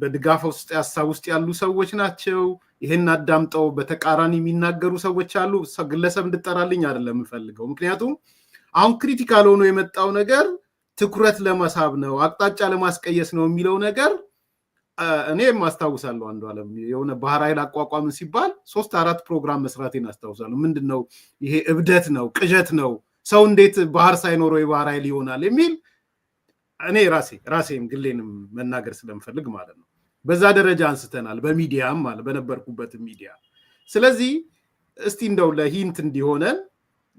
በድጋፍ ውስጥ ሀሳብ ውስጥ ያሉ ሰዎች ናቸው። ይህን አዳምጠው በተቃራኒ የሚናገሩ ሰዎች አሉ። ግለሰብ እንድጠራልኝ አይደለም የምፈልገው፣ ምክንያቱም አሁን ክሪቲካል ሆኖ የመጣው ነገር ትኩረት ለመሳብ ነው፣ አቅጣጫ ለማስቀየስ ነው የሚለው ነገር እኔም አስታውሳለሁ። አንዱ አለም የሆነ ባህር ኃይል አቋቋምን ሲባል ሶስት አራት ፕሮግራም መስራቴን አስታውሳለሁ። ምንድን ነው ይሄ? እብደት ነው፣ ቅዠት ነው። ሰው እንዴት ባህር ሳይኖረው የባህር ኃይል ይሆናል የሚል እኔ ራሴ ራሴም ግሌንም መናገር ስለምፈልግ ማለት ነው። በዛ ደረጃ አንስተናል፣ በሚዲያም ማለ በነበርኩበት ሚዲያ። ስለዚህ እስቲ እንደው ለሂንት እንዲሆነን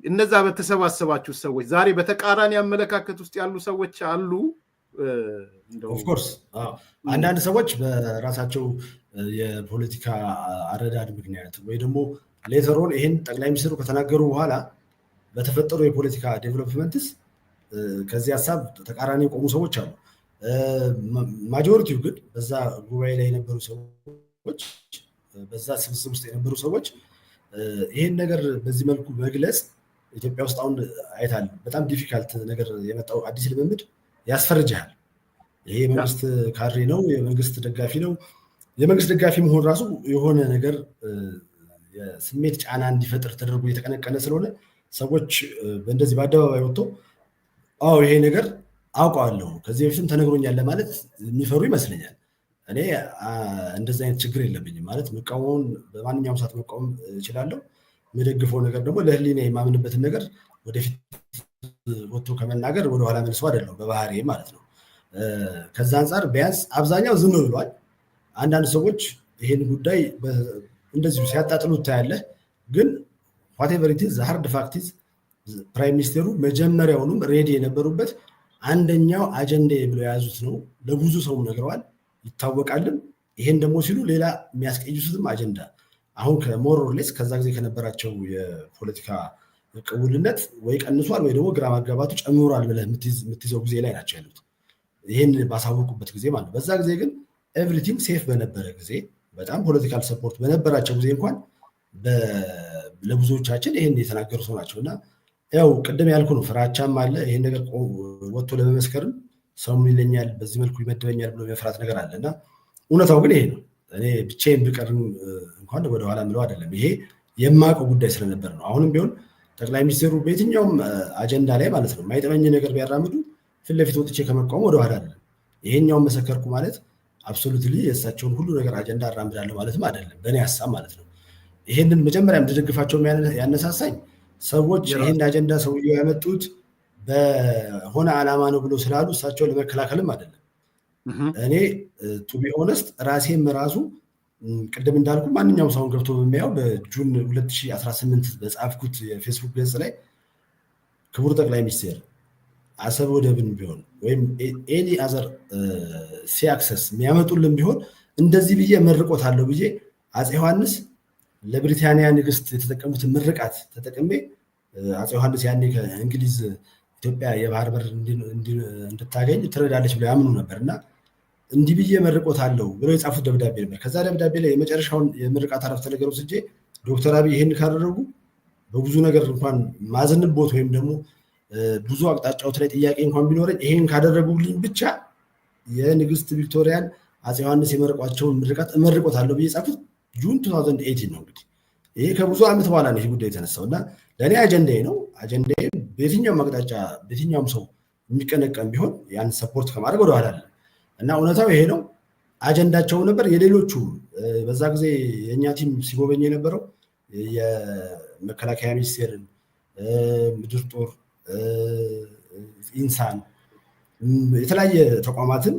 እነዛ በተሰባሰባችሁ ሰዎች ዛሬ በተቃራኒ አመለካከት ውስጥ ያሉ ሰዎች አሉ። ኦፍኮርስ አንዳንድ ሰዎች በራሳቸው የፖለቲካ አረዳድ ምክንያት ወይ ደግሞ ሌተሮን ይህን ጠቅላይ ሚኒስትሩ ከተናገሩ በኋላ በተፈጠሩ የፖለቲካ ዴቨሎፕመንትስ ከዚህ ሀሳብ ተቃራኒ የቆሙ ሰዎች አሉ። ማጆሪቲው ግን በዛ ጉባኤ ላይ የነበሩ ሰዎች፣ በዛ ስብስብ ውስጥ የነበሩ ሰዎች ይህን ነገር በዚህ መልኩ መግለጽ ኢትዮጵያ ውስጥ አሁን አይታል በጣም ዲፊካልት ነገር የመጣው አዲስ ልምምድ ያስፈርጃል ይሄ የመንግስት ካድሬ ነው፣ የመንግስት ደጋፊ ነው። የመንግስት ደጋፊ መሆን ራሱ የሆነ ነገር ስሜት ጫና እንዲፈጥር ተደርጎ እየተቀነቀነ ስለሆነ ሰዎች በእንደዚህ በአደባባይ ወጥቶ አዎ ይሄ ነገር አውቀዋለሁ ከዚህ በፊትም ተነግሮኛል ለማለት የሚፈሩ ይመስለኛል። እኔ እንደዚህ አይነት ችግር የለብኝም ማለት መቃወሙን በማንኛውም ሰዓት መቃወም እችላለሁ። የሚደግፈው ነገር ደግሞ ለህሊና የማምንበትን ነገር ወደፊት ወጥቶ ከመናገር ወደኋላ መልሶ አይደለም በባህሪ ማለት ነው። ከዛ አንጻር ቢያንስ አብዛኛው ዝም ብሏል። አንዳንድ ሰዎች ይሄን ጉዳይ እንደዚሁ ሲያጣጥሉ ታያለህ። ግን ቴቨሪቲዝ ሀርድ ፋክቲዝ ፕራይም ሚኒስቴሩ መጀመሪያውንም ሬዲ የነበሩበት አንደኛው አጀንዳ ብለው የያዙት ነው። ለብዙ ሰው ነግረዋል፣ ይታወቃልም። ይሄን ደግሞ ሲሉ ሌላ የሚያስቀይሱትም አጀንዳ አሁን ከሞሮርሌስ ከዛ ጊዜ ከነበራቸው የፖለቲካ ቅቡልነት ወይ ቀንሷል ወይ ደግሞ ግራ ማጋባቱ ጨምሯል ብለህ የምትይዘው ጊዜ ላይ ናቸው ያሉት። ይህን ባሳወቁበት ጊዜ ማለት በዛ ጊዜ ግን ኤቭሪቲንግ ሴፍ በነበረ ጊዜ በጣም ፖለቲካል ሰፖርት በነበራቸው ጊዜ እንኳን ለብዙዎቻችን ይህን የተናገሩ ሰው ናቸው እና ያው ቅድም ያልኩ ነው ፍራቻም አለ። ይሄን ነገር ወጥቶ ለመመስከርም ሰው ምን ይለኛል፣ በዚህ መልኩ ይመደበኛል ብሎ የመፍራት ነገር አለ እና እውነታው ግን ይሄ ነው። እኔ ብቻዬን ብቀርም እንኳን ወደኋላ ምለው አይደለም። ይሄ የማውቀው ጉዳይ ስለነበር ነው። አሁንም ቢሆን ጠቅላይ ሚኒስትሩ በየትኛውም አጀንዳ ላይ ማለት ነው የማይጠመኝ ነገር ቢያራምዱ ፊት ለፊት ወጥቼ ከመቃወም ወደኋላ አይደለም። ይሄኛውን መሰከርኩ ማለት አብሶሉትሊ የእሳቸውን ሁሉ ነገር አጀንዳ አራምዳለሁ ማለትም አይደለም፣ በእኔ ሀሳብ ማለት ነው። ይሄንን መጀመሪያ ድድግፋቸው ያነሳሳኝ ሰዎች ይህን አጀንዳ ሰውየው ያመጡት በሆነ ዓላማ ነው ብሎ ስላሉ እሳቸውን ለመከላከልም አይደለም። እኔ ቱቢ ኦነስት ራሴም ራሱ ቅድም እንዳልኩ ማንኛውም ሰውን ገብቶ በሚያየው በጁን 2018 በጻፍኩት የፌስቡክ ገጽ ላይ ክቡር ጠቅላይ ሚኒስቴር አሰብ ወደብን ቢሆን ወይም ኤኒ አዘር አክሰስ የሚያመጡልን ቢሆን እንደዚህ ብዬ መርቆታለሁ ብዬ አፄ ዮሐንስ ለብሪታንያ ንግስት የተጠቀሙትን ምርቃት ተጠቅሜ አፄ ዮሐንስ ያኔ ከእንግሊዝ ኢትዮጵያ የባህር በር እንድታገኝ ትረዳለች ብለው ያምኑ ነበር እና እንዲህ ብዬ መርቆታለሁ ብለው የጻፉት ደብዳቤ ነበር። ከዛ ደብዳቤ ላይ የመጨረሻውን የምርቃት አረፍተ ነገር ወስጄ ዶክተር አብይ ይህን ካደረጉ በብዙ ነገር እንኳን ማዝንቦት ወይም ደግሞ ብዙ አቅጣጫዎች ላይ ጥያቄ እንኳን ቢኖረኝ ይሄን ካደረጉልኝ ብቻ የንግስት ቪክቶሪያን አፄ ዮሐንስ የመርቋቸውን ምርቃት እመርቆታለሁ ብዬ ጻፉት። ጁን 2018 ነው እንግዲህ ይሄ ከብዙ ዓመት በኋላ ነው ይህ ጉዳይ የተነሳው እና ለእኔ አጀንዳዬ ነው። አጀንዳዬ በየትኛውም አቅጣጫ በየትኛውም ሰው የሚቀነቀም ቢሆን ያን ሰፖርት ከማድረግ ወደኋላ አለ እና እውነታው ይሄ ነው። አጀንዳቸው ነበር የሌሎቹ በዛ ጊዜ የእኛ ቲም ሲጎበኝ የነበረው የመከላከያ ሚኒስቴርን፣ ምድር ጦር፣ ኢንሳን የተለያየ ተቋማትን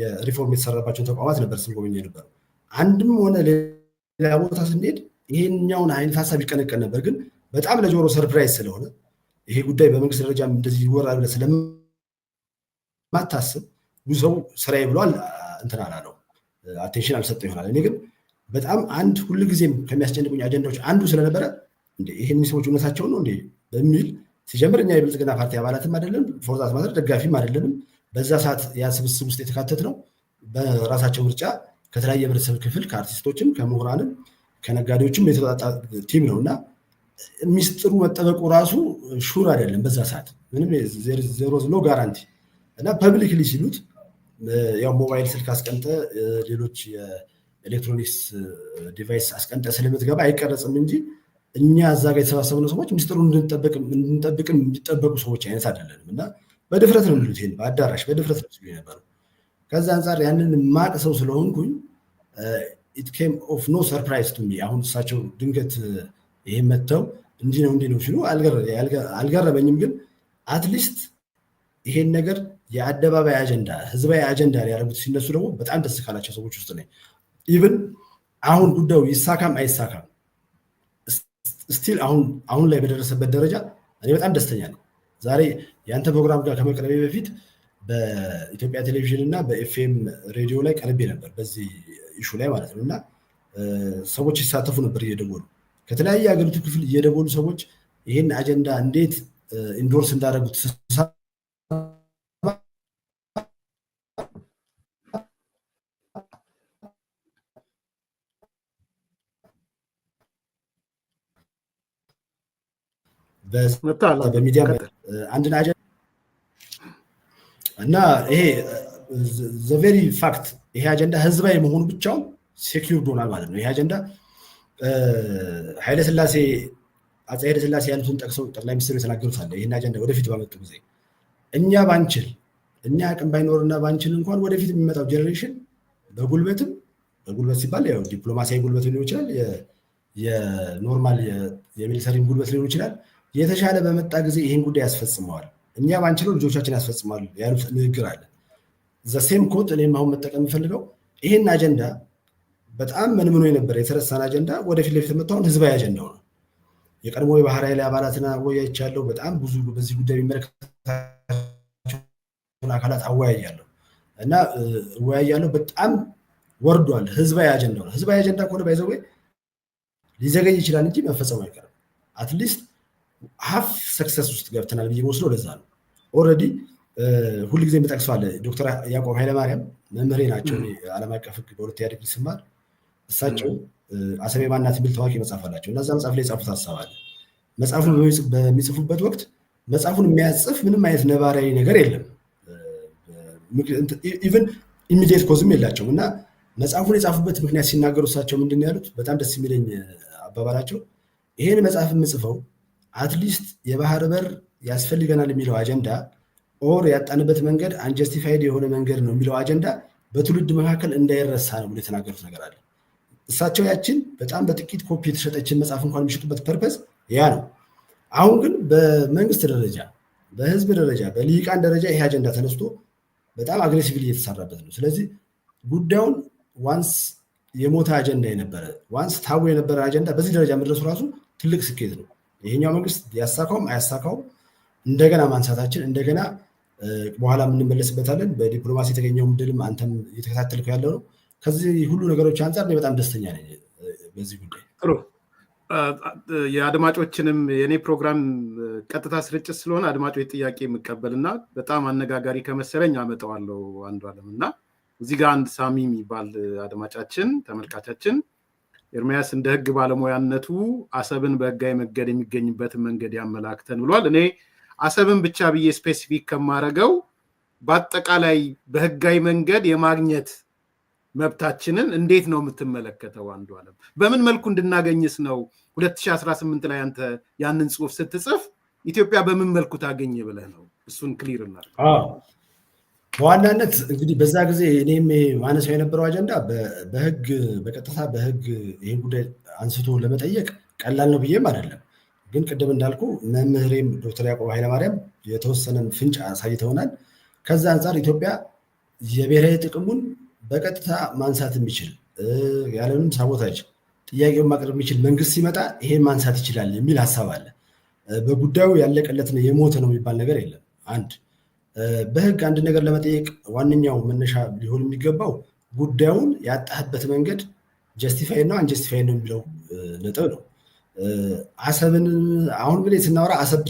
የሪፎርም የተሰራባቸውን ተቋማት ነበር ሲጎበኝ የነበረው አንድም ሆነ ሌላ ቦታ ስንሄድ ይሄኛውን አይነት ሀሳብ ይቀነቀን ነበር። ግን በጣም ለጆሮ ሰርፕራይዝ ስለሆነ ይሄ ጉዳይ በመንግስት ደረጃ እንደዚህ ይወራል ብለህ ስለማታስብ ብዙ ሰው ስራዬ ብሏል እንትን አላለው አቴንሽን አልሰጠው ይሆናል። እኔ ግን በጣም አንድ ጊዜም ከሚያስጨንቁኝ አጀንዳዎች አንዱ ስለነበረ ይህን ሰዎች እውነታቸው ነው እንዴ በሚል ሲጀምር እኛ የብልጽግና ፓርቲ አባላትም አይደለም ፎርዛት ማድረግ ደጋፊም አይደለንም። በዛ ሰዓት ያ ስብስብ ውስጥ የተካተት ነው በራሳቸው ምርጫ ከተለያየ ህብረተሰብ ክፍል ከአርቲስቶችም ከምሁራንም ከነጋዴዎችም የተጣጣ ቲም ነው እና ሚስጥሩ መጠበቁ ራሱ ሹር አይደለም። በዛ ሰዓት ምንም ዜሮ ኖ ጋራንቲ እና ፐብሊክሊ ሲሉት ያው ሞባይል ስልክ አስቀምጠ ሌሎች የኤሌክትሮኒክስ ዲቫይስ አስቀምጠ ስለምትገባ አይቀረጽም እንጂ እኛ እዛ ጋር የተሰባሰብነው ሰዎች ሚስጥሩ እንድንጠብቅም የሚጠበቁ ሰዎች አይነት አይደለንም እና በድፍረት ነው የሚሉት ይሄን በአዳራሽ በድፍረት ነው ሲሉ የነበረው ከዛ አንጻር ያንን ማቅ ሰው ስለሆንኩኝ ኢት ኬም ኦፍ ኖ ሰርፕራይዝ ቱ ሚ። አሁን እሳቸው ድንገት ይሄ መጥተው እንዲህ ነው እንዲህ ነው ሲሉ አልገረመኝም። ግን አትሊስት ይሄን ነገር የአደባባይ አጀንዳ ህዝባዊ አጀንዳ ያደረጉት ሲነሱ ደግሞ በጣም ደስ ካላቸው ሰዎች ውስጥ ነኝ። ኢቭን አሁን ጉዳዩ ይሳካም አይሳካም ስቲል አሁን ላይ በደረሰበት ደረጃ እኔ በጣም ደስተኛ ነው። ዛሬ የአንተ ፕሮግራም ጋር ከመቅረቤ በፊት በኢትዮጵያ ቴሌቪዥን እና በኤፍኤም ሬዲዮ ላይ ቀርቤ ነበር በዚህ ኢሹ ላይ ማለት ነው። እና ሰዎች ይሳተፉ ነበር እየደወሉ ከተለያየ የሀገሪቱ ክፍል እየደወሉ ሰዎች ይህን አጀንዳ እንዴት ኢንዶርስ እንዳደረጉት በሚዲያ አንድን እና ይሄ ዘቬሪ ፋክት ይሄ አጀንዳ ህዝባዊ መሆኑ ብቻውን ሴኪርድ ሆናል ማለት ነው። ይሄ አጀንዳ ኃይለስላሴ አፄ ኃይለስላሴ ያሉትን ጠቅሰው ጠቅላይ ሚኒስትሩ የተናገሩት አለ። ይህን አጀንዳ ወደፊት ባመጡ ጊዜ እኛ ባንችል እኛ አቅም ባይኖርና ባንችል እንኳን ወደፊት የሚመጣው ጀኔሬሽን በጉልበትም በጉልበት ሲባል ያው ዲፕሎማሲያዊ ጉልበት ሊሆን ይችላል፣ የኖርማል የሚሊተሪ ጉልበት ሊሆን ይችላል። የተሻለ በመጣ ጊዜ ይህን ጉዳይ ያስፈጽመዋል። እኛ ባንችለው ልጆቻችን ያስፈጽማሉ ያሉት ንግግር አለ። ዘሴም ኮት እኔም አሁን መጠቀም የምፈልገው ይህን አጀንዳ በጣም ምንምኖ የነበረ የተረሳን አጀንዳ ወደፊት ለፊት መታሁን ህዝባዊ አጀንዳው ነው። የቀድሞ የባህር ኃይል አባላትና አወያይቻለሁ። በጣም ብዙ በዚህ ጉዳይ የሚመለከታቸውን አካላት አወያያለሁ እና እወያያለሁ። በጣም ወርዷል። ህዝባዊ አጀንዳው ነው። ህዝባዊ አጀንዳ ከሆነ ባይዘዌ ሊዘገይ ይችላል እንጂ መፈጸሙ አይቀርም አትሊስት ሀፍ ሰክሰስ ውስጥ ገብተናል ብዬ መስሎ ለዛ ነው ኦልሬዲ ጊዜ የምጠቅሰዋለሁ ዶክተር ያዕቆብ ኃይለማርያም መምህሬ ናቸው። ዓለም አቀፍ ህግ በሁለተኛ ዲግሪ ስማር እሳቸው አሰሜ ማናት የሚል ታዋቂ መጽሐፍ አላቸው እና እዛ መጽሐፍ ላይ የጻፉት ሀሳብ አለ። መጽሐፉን በሚጽፉበት ወቅት መጽሐፉን የሚያጽፍ ምንም አይነት ነባሪያዊ ነገር የለም፣ ኢቨን ኢሚዲየት ኮዝም የላቸውም እና መጽሐፉን የጻፉበት ምክንያት ሲናገሩ እሳቸው ምንድን ነው ያሉት? በጣም ደስ የሚለኝ አባባላቸው ይሄን መጽሐፍ የምጽፈው አትሊስት የባህር በር ያስፈልገናል የሚለው አጀንዳ ኦር ያጣንበት መንገድ አንጀስቲፋይድ የሆነ መንገድ ነው የሚለው አጀንዳ በትውልድ መካከል እንዳይረሳ ነው ብሎ የተናገሩት ነገር አለ። እሳቸው ያችን በጣም በጥቂት ኮፒ የተሸጠችን መጽሐፍ እንኳን የሚሸጡበት ፐርፐስ ያ ነው። አሁን ግን በመንግስት ደረጃ፣ በህዝብ ደረጃ፣ በልሂቃን ደረጃ ይሄ አጀንዳ ተነስቶ በጣም አግሬሲቭሊ እየተሰራበት ነው። ስለዚህ ጉዳዩን ዋንስ የሞተ አጀንዳ የነበረ ዋንስ ታቦ የነበረ አጀንዳ በዚህ ደረጃ መድረሱ ራሱ ትልቅ ስኬት ነው። ይሄኛው መንግስት ያሳካውም አያሳካውም እንደገና ማንሳታችን እንደገና በኋላ የምንመለስበታለን። በዲፕሎማሲ የተገኘው ድልም አንተም እየተከታተልከው ያለው ነው። ከዚህ ሁሉ ነገሮች አንጻር በጣም ደስተኛ ነኝ በዚህ ጉዳይ። ጥሩ የአድማጮችንም የእኔ ፕሮግራም ቀጥታ ስርጭት ስለሆነ አድማጮች ጥያቄ እና በጣም አነጋጋሪ ከመሰለኝ አመጣዋለሁ አንዱ አለም እና እዚህ ጋር አንድ ሳሚ የሚባል አድማጫችን ተመልካቻችን ኤርሚያስ እንደ ህግ ባለሙያነቱ አሰብን በህጋዊ መንገድ የሚገኝበትን መንገድ ያመላክተን ብሏል። እኔ አሰብን ብቻ ብዬ ስፔሲፊክ ከማረገው በአጠቃላይ በህጋዊ መንገድ የማግኘት መብታችንን እንዴት ነው የምትመለከተው? አንዱ አለም በምን መልኩ እንድናገኝስ ነው 2018 ላይ አንተ ያንን ጽሁፍ ስትጽፍ ኢትዮጵያ በምን መልኩ ታገኝ ብለህ ነው? እሱን ክሊር እናድርግ። በዋናነት እንግዲህ በዛ ጊዜ እኔም ማነሳው የነበረው አጀንዳ በህግ በቀጥታ በህግ ይህን ጉዳይ አንስቶ ለመጠየቅ ቀላል ነው ብዬም አይደለም። ግን ቅድም እንዳልኩ መምህሬም ዶክተር ያዕቆብ ኃይለማርያም የተወሰነን ፍንጭ አሳይተውናል። ከዛ አንጻር ኢትዮጵያ የብሔራዊ ጥቅሙን በቀጥታ ማንሳት የሚችል ያለምንም ሳቦታጅ ጥያቄውን ማቅረብ የሚችል መንግስት ሲመጣ ይሄን ማንሳት ይችላል የሚል ሀሳብ አለ። በጉዳዩ ያለቀለት የሞተ ነው የሚባል ነገር የለም። አንድ በህግ አንድ ነገር ለመጠየቅ ዋነኛው መነሻ ሊሆን የሚገባው ጉዳዩን ያጣህበት መንገድ ጀስቲፋይ ነው አንጀስቲፋይ ነው የሚለው ነጥብ ነው። አሰብን አሁን እንግዲህ ስናወራ አሰብ